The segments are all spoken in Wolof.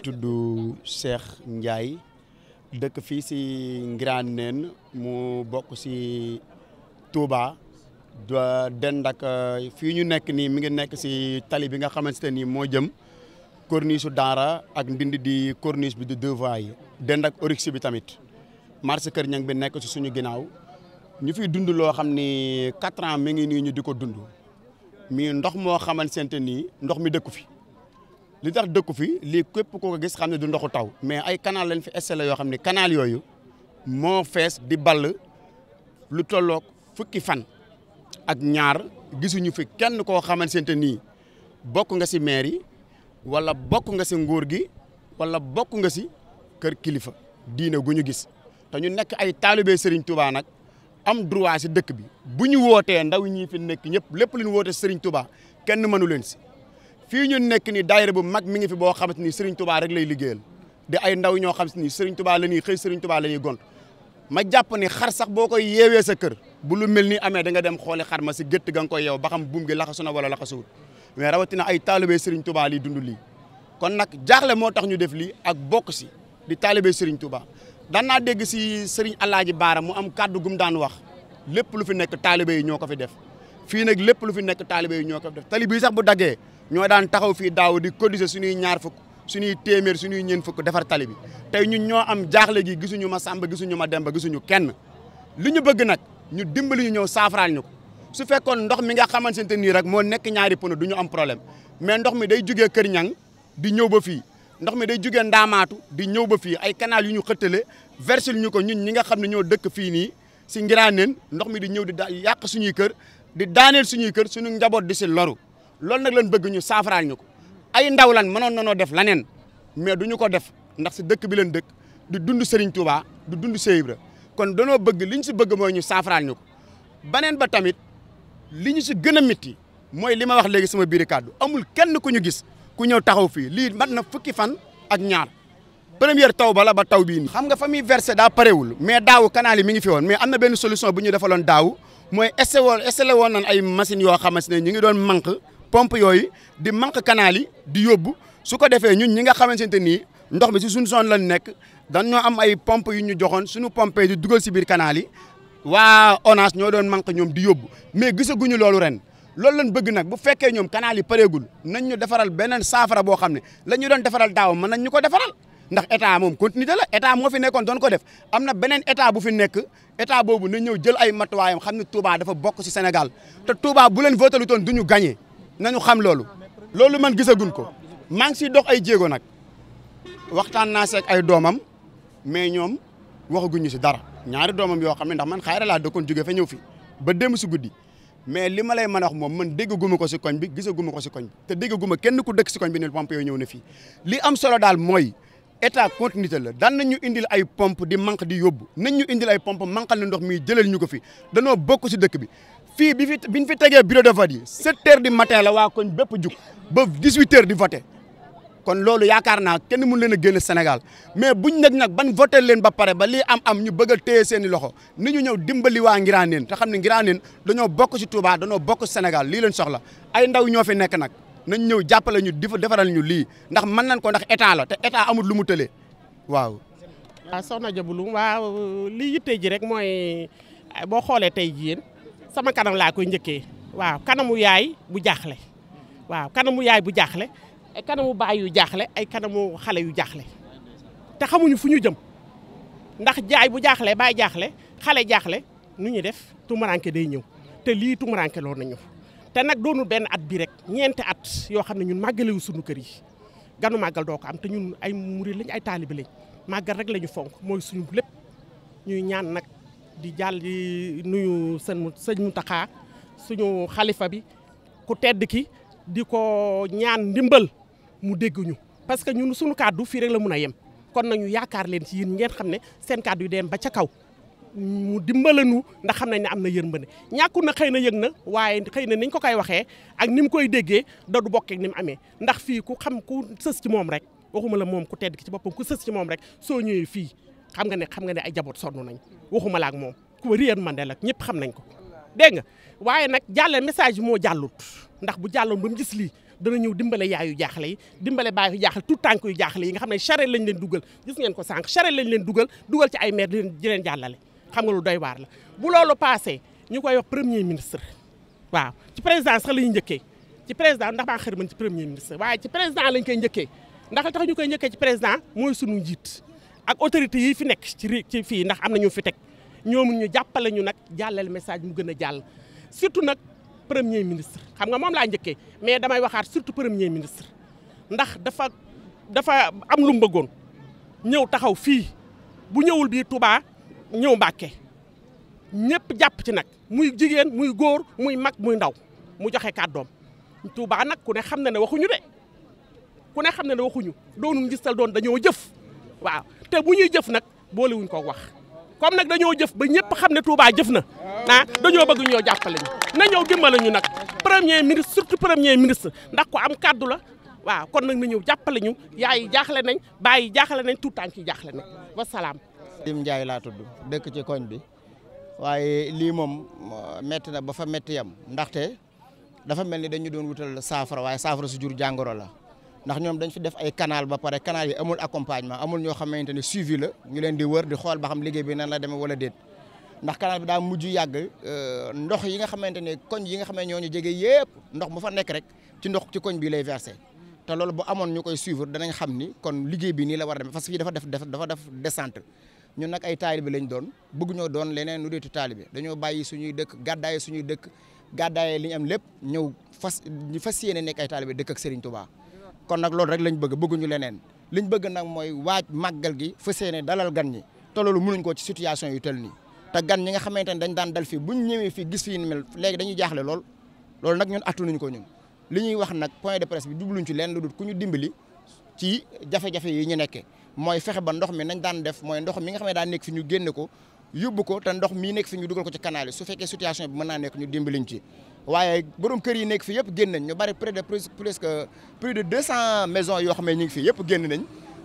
tudd Cheikh njaay dëkk fii si Ngirane Nene mu bokk si Touba dendak ak euh, fii ñu nekk nii mi ngi nekk si tali bi nga xamante ne nii moo jëm corniche su Daara ak ndindi di corniche bi di deux yi dend ak Oryx bi tamit marché Kër Ñang bi nekk si suñu ginnaaw ñu fi dund loo xam ni quatre ans mi ngi nii ñu di ko dund mi ndox moo xamante ni ndox mi dëkku fi li tax dëkku fi lii képp koo ko gis xam ne du ndoxu taw mais ay kanaal lañ fi installé yoo xam ni kanaal yooyu moo fees di ball lu tollook fukki fan ak ñaar gisuñu fi kenn koo xamante nii bokk nga si maire yi wala bokk nga si nguur gi wala bokk nga si kër kilifa diine gu ñu gis te ñu nekk ay taalibe Serigne Touba nag. am droit dëkk bi bu ñu wootee ndaw ñi fi nekk ñëpp lépp lu ñu woote Serigne Touba kenn mënu leen si fii ñu nekk ni daayira bu mag mi ngi fi boo xamante ni Serigne rek lay liggéeyal di ay ndaw ñoo xam ni Serigne Touba la ñuy xëy Serigne Touba la ñuy gont ma jàpp ni xar sax boo koy yeewee sa kër bu lu mel ni amee da nga dem xooli xar ma si gétt ga nga koy yeew ba xam buum gi laxasu na wala laxasuwut mais rawatina ay taalibe Serigne Touba lii dund lii kon nag jaaxle moo tax ñu def lii ak bokk si di taalibe Serigne Touba daan naa dégg si sëriñ Alaaji Baara mu am kàddu gum daan wax lépp lu fi nekk taalibe yi ñoo ko fi def fii nag lépp lu fi nekk taalibe yi ñoo ko fi def tali sax bu daggee ñoo daan taxaw fi daaw di cotiser suñuy ñaar fukk suñuy téeméer suñuy ñeen fukk defar tali bi tey ñu ñoo am jaaxle gi gisuñu ma Samba gisuñu ma Demba gisuñu kenn li ñu bëgg nag ñu dimbali ñu ñëw saafaraal ñu ko su fekkoon ndox mi nga xamante ne nii rek moo nekk ñaari pono du am problème mais ndox mi day jugee Kër di ñëw ba fii ndox mi day jugee ndaamaatu di ñëw ba fii ay kanaal yu ñu xëttale verser ñu ko ñun ñi nga xam ne ñoo dëkk fii nii si Ngiraaneen ndox mi di ñëw di yàq suñuy kër di daaneel suñuy kër suñu njaboot di si loru loolu nag lañ bëgg ñu saafaraal ñu ko ay ndaw lan mënoon nanoo def laneen mais ñu ko def ndax si dëkk bi leen dëkk du dund Serigne Touba du dund Cheikh Ibra kon danoo bëgg li ñu si bëgg mooy ñu saafaraal ñu ko baneen ba tamit li ñu si gën a métti mooy li ma wax léegi sama biir kàddu amul kenn ku ñu gis ku ñëw taxaw fii lii mat na fukki fan ak ñaar première taw bala ba taw bii nii. xam nga fa muy versé daa parewul mais daaw canal mi ngi fi woon mais am na benn solution bu ñu defaloon daaw mooy essayé woon essayé woon nañ ay machines yoo xamante ne ñu ngi doon manq pompe yooyu di manq kanaali di yóbbu su ko defee ñun ñi nga xamante nii ndox mi si suñu zone lañ nekk dan ñoo am ay pompe yu ñu joxoon suñu pompe di dugal si biir canal waa ONAS ñoo doon manq ñoom di yóbbu mais gisaguñu loolu ren. loolu lañ bëgg nag bu fekkee ñoom canal yi pareegul nañ ñu defaral beneen saafara boo xam ne la ñu doon defaral daaw mën nañ ñu ko defaral ndax état moom continuité la état moo fi nekkoon doon ko def am na beneen état bu fi nekk état boobu na ñëw jël ay matuwaayam xam ne Touba dafa bokk si senegal te Touba bu leen voté lu toon du ñu gagné nañu xam loolu loolu man gisaguñ ko maa ngi ciy dox ay jéego nag waxtaan naa seeg ay doomam mais ñoom waxaguñu ci dara ñaari doomam yoo xam ne ndax man xayra laa dëkkoon jóge fa ñëw fi ba démb ci guddi mais li ma lay mën a wax moom man déggaguma ko si koñ bi gisaguma ko si koñ bi te déggaguma kenn ku dëkk si koñ bi ne pompe yooyu ñëw na fii li am solo daal mooy état continuité la daan nañ ñu indil ay pompe di manque di yóbbu nañ ñu indil ay pompe manqal na ndox mi jëlal ñu ko fi danoo bokk si dëkk bi fii bi fi bi ñu fi tegee bureau de vote yi sept heures du matin la waa koñ bépp jug ba dix huit di voté kon loolu yaakaar naa kenn mun leen a génn Sénégal mais buñ nag nag ban voté leen ba pare ba lii am am ñu bëgg a seeni loxo nu ñu ñëw dimbali waa Ngiraaneen te xam ne Ngiraaneen dañoo bokk ci Touba dañoo bokk Sénégal lii leen soxla ay ndaw ñoo fi nekk nag nañ ñëw jàppale ñu difa defaral ñu lii ndax man nañ ko ndax état la te état amul lu mu tëlee waaw. waaw soxna Diaboulou waaw li yitte ji rek mooy boo xoolee tey jii yéen sama kanam laa koy njëkkee waaw kanamu yaay bu jaaxle waaw kanamu yaay bu jaaxle. ay kanamu baay yu jaaxle ay kanamu xale yu jaaxle te xamuñu fu ñu jëm ndax jaay bu jaaxlee baay jaaxle xale jaaxle nu ñuy def tumuranke day ñëw te lii tumuranke loon nañu te nag doonu benn at bi rek ñeenti at yoo xam ne ñun màggalewu suñu kër yi ganu màggal doo ko am te ñun ay murid lañ ay taalibe lañ màggal rek lañu fonk mooy suñu lépp ñuy ñaan nag di jàll di nuyu sëñ sëñ Mountakha suñu xalifa bi ku tedd ki di ko ñaan ndimbal mu dégguñu parce que ñun suñu kàddu fii rek la mun a yem kon nañu yaakaar leen ci yéen ngeen xam ne seen kàddu yi dem ba ca kaw mu dimbalanu ndax xam nañ ne am na yërmande ñàkku na xëy na yëg na waaye xëy na niñ ko koy waxee ak ni mu koy déggee da bokkee ni amee ndax fii ku xam ku sës ci moom rek waxuma la moom ku tedd ki ci boppam ku sës ci moom rek soo ñëwee fii xam nga ne xam nga ne ay jaboot sonn nañ waxuma ak moom ku réer mandel ak ñëpp xam nañ ko dégg nga waaye nag jàlle message moo jàllut ndax bu jàlloon ba mu gis lii dana ñëw dimbale yaayu jaaxle yi dimbale baayu jaaxle tout tànk yu jaaxale yi nga xam ne charrette lañ leen dugal gis ngeen ko sànq charrette lañ leen dugal dugal ci ay maire di leen jàllale xam nga lu doy waar la bu loolu passé ñu koy wax premier ministre waaw ci président sax la ñuy njëkkee ci président ndax maa xër mën ci premier ministre waaye ci lañ koy njëkkee ndax ñu koy njëkkee ci président mooy sunu jiit ak autorité yi fi nekk ci ci fii ndax am na ñu fi teg ñoomu ñu jàppale ñu nag jàllale message mu gën a jàll surtout nag premier ministre xam nga moom laa njëkkee mais damay waxaat surtout premier ministre ndax dafa dafa am lu mu ñëw taxaw fii bu ñëwul bii Touba ñëw mbaake ñëpp jàpp ci nag muy jigéen muy góor muy mag muy ndaw mu joxe doom Touba nag ku ne xam na ne waxuñu de ku ne xam na ne waxuñu doonu ngistal doon dañoo jëf waaw te bu ñuy jëf nag boolewuñ ko wax comme nag dañoo jëf ba ñëpp xam ne Touba jëf na ah dañoo bëgg ñoo jàppale ñu na ñëw dimbale ñu nag premier ministre surtout premier ministre ndax ko am kàddu la waaw kon nag na ñëw jàppale ñu yaay yi jaaxle nañ baay yi jaaxle nañ tout tànk yi jaaxle nañ wasalaam. Dim Ndiaye laa tudd dëkk ci koñ bi waaye lii moom metti na ba fa metti yam ndaxte dafa mel ni dañu doon wutal saafara waaye saafara si jur jàngoro la. ndax ñoom dañ fi def ay canal ba pare canal yi amul accompagnement amul ñoo xamante ne suivi la ñu leen di wër di xool ba liggéey bi nan la demee wala déet ndax canal bi daa mujj yàgg euh, ndox yi nga xamante ne koñ yi nga xam ne ñoo ñu jege yëpp ndox bu fa nekk rek ci ndox ci koñ bi lay versé te loolu bu amoon ñu koy suivre danañ xam ni kon liggéey bi nii la war a demee parce que fii dafa def dafa def descente ñun nag ay taalibe lañ doon bëgg ñoo doon leneen nu deetu taalibe dañoo bàyyi suñuy dëkk gàddaaye suñuy dëkk gàddaaye li ñu am lépp ñëw fas ñu fas yéene nekk ay taalibe dëkk ak Serigne Touba kon nag loolu rek lañ bëgg bëgguñu leneen liñ bëgg nag mooy waaj màggal gi fas yéene dalal gan ñi te loolu mënuñ ko ci situation yu nii te gan ñi nga xamante ne dañ daan dal fii bu ñu ñëwee fii gis fii ni mel léegi dañuy jaaxle lool loolu nag ñun attunuñ ko ñu li ñuy wax nag point de presse bi jubluñ ci leen lu dul ñu dimbali ci jafe yi ñu nekkee mooy fexe ba ndox mi nañ daan def mooy ndox mi nga xam ne daa nekk fi ñu ko yóbbu ko te ndox mii nekk fi ñu ko ci canal su fekkee situation bi mën naa nekk ñu dimbaliñ ci waaye borom kër yi fi yëpp génn nañ ñu bari près de presque plus de deux cent maisons yoo xam ne ñu ngi yëpp génn nañ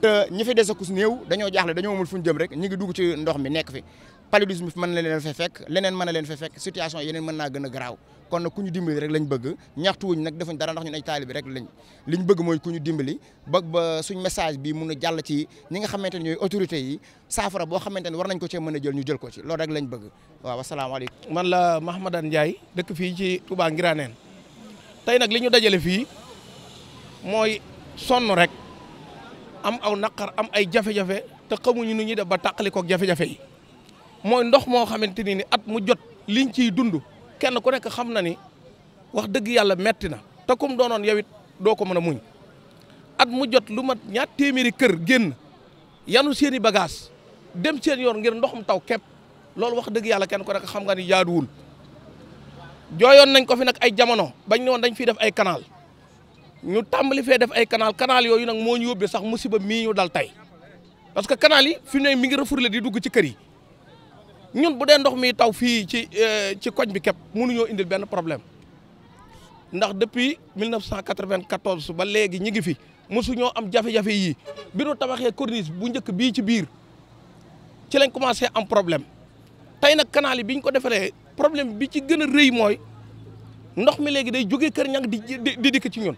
te ñi fi des akus néew dañoo jaaxle dañoo amul fu ñu jëm rek ñu ngi dugg ci ndox mi nekk fi paludisme fi mën na leen fa fekk leneen mën na leen fa fekk situation yeneen mën naa gën garaaw kon nag ku ñu dimbali rek lañ bëgg ñaxtuwuñ nag defuñ dara ndax ñun ay taalibi rek lañ liñ bëgg mooy ku ñu dimbali ba ba suñ message bi mun a jàll ci ñi xamante ne ñooy autorité yi saafara boo xamante ne war nañ ko cee mën a jël ñu jël ko ci loolu rek lañ bëgg waaw asalaamaaleykum man la Mahamadan Ndiaye dëkk fii ci Touba Ngiraneen tey nag li ñu dajale fii mooy sonn rek am aw naqar am ay jafe-jafe te xamuñu nu ñuy def ba tàqali kook jafe-jafe mooy ndox moo xamante ni ni at mu jot liñ ciy dund kenn ku nekk xam na ni wax dëgg yàlla metti na te kum doonoon yow it doo ko mën a muñ at mu jot lu mat ñaar téeméeri kër génn yanu seen i bagage dem seen yoon ngir ndoxum taw képp loolu wax dëgg yàlla kenn ko nekk xam nga ni jaaduwul jooyoon nañ ko fi nag ay jamono bañ ne woon dañ fiy def ay kanaal ñu tàmbali fee def ay kanaal canal yooyu nag moo ñu yóbbee sax musiba mii ñu dal tey parce que canal yi fi ne mi ngi refourlé di dugg ci kër yi ñun bu dee ndox mi taw fii ci euh, ci koñ bi képp mënuñoo indil benn problème ndax depuis 1994 ba léegi ñi ngi fi mosuñoo am jafe-jafe yii bi nu tabaxee corniche bu njëkk bii ci biir ci lañ commencé am problème tey nag kanaali yi bi ñu ko defaree problème bi ci gën a rëy mooy ndox mi léegi day jógee kër ñang di di dikk ci ñun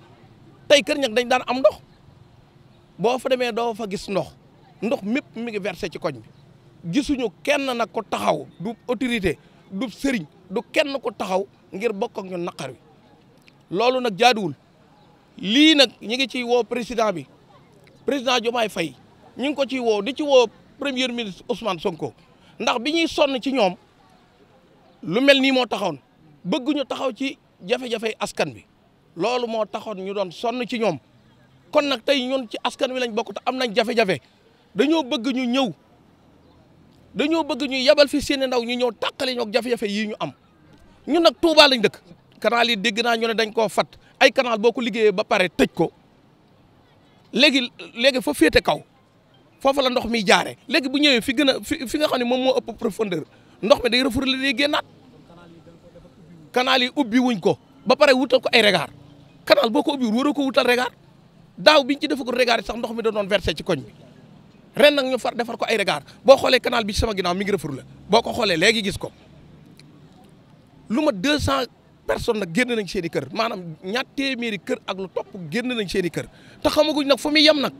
tey kër ñag dañ daan am ndox boo fa demee doo fa gis ndox ndox mépp mi ngi versé ci koñ bi gisuñu kenn nag ko taxaw du autorité du sëriñ du kenn ko taxaw ngir bokk ak ñun naqar wi loolu nag jaaduwul lii nag ñu ngi ciy woo président bi président Diomaye fay ñu ngi ko ciy woo di ci woo premier ministre Ousmane Sonko ndax bi ñuy sonn ci ñoom lu mel nii moo taxawoon bëgguñu taxaw ci jafe-jafe askan bi loolu moo taxoon ñu doon sonn ci ñoom kon nag tey ñun ci askan wi lañ bokkut am nañ jafe-jafe dañoo bëgg ñu ñëw dañoo bëgg ñu yebal fi seen ndaw ñu ñëw tàqale ñoog jafe-jafe yii ñu am ñu nag Touba lañ dëkk canal yi dégg naa ñu ne dañ koo fat ay canal boo liggéeyee ba pare tëj ko léegi léegi fa féete kaw foofu la ndox mi jaare léegi bu ñëwee fi gën a fi fi nga xam ne moom moo ëpp profondeur ndox mi day refourler day génnaat canal yi ubbi wuñ ko ba pare wutal ko ay regard canal boo ko ubbiwul waroo ko wutal regard daaw biñ ci defagul regard sax ndox mi da doon versé ci koñ bi ren nag ñu far defar ko ay regard boo xoolee canal bi ci sama ginnaaw mi ngi rëfur la boo ko xoolee léegi gis ko lu ma deux cent personnes nag génn nañ seeni kër maanaam ñaar téeméeri kër ak lu topp génn nañ seeni kër te xamaguñ nag fu muy yem nag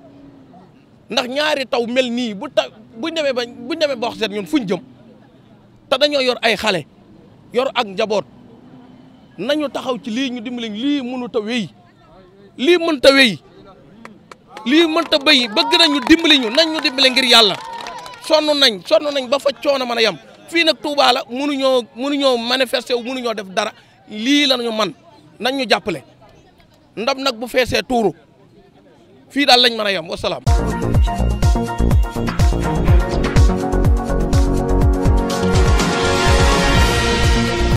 ndax ñaari taw mel nii bu ta buñ demee ba buñ demee ba wax ñun fuñ jëm te dañoo yor ay xale yor ak njaboot. nañu taxaw ci lii ñu dimbali lii mënut a wéy lii mënut a wéy lii mënut a béy bëgg nañu dimbali ñu nañ ñu ngir yàlla sonn nañ sonn nañ ba fa coono mën a yem fii nag Touba la mënuñoo mënuñoo manifester wu mënuñoo def dara lii la ñu man nañ ñu jàppale ndam nag bu feesee tuuru fii daal lañ mën a yem wasalaam.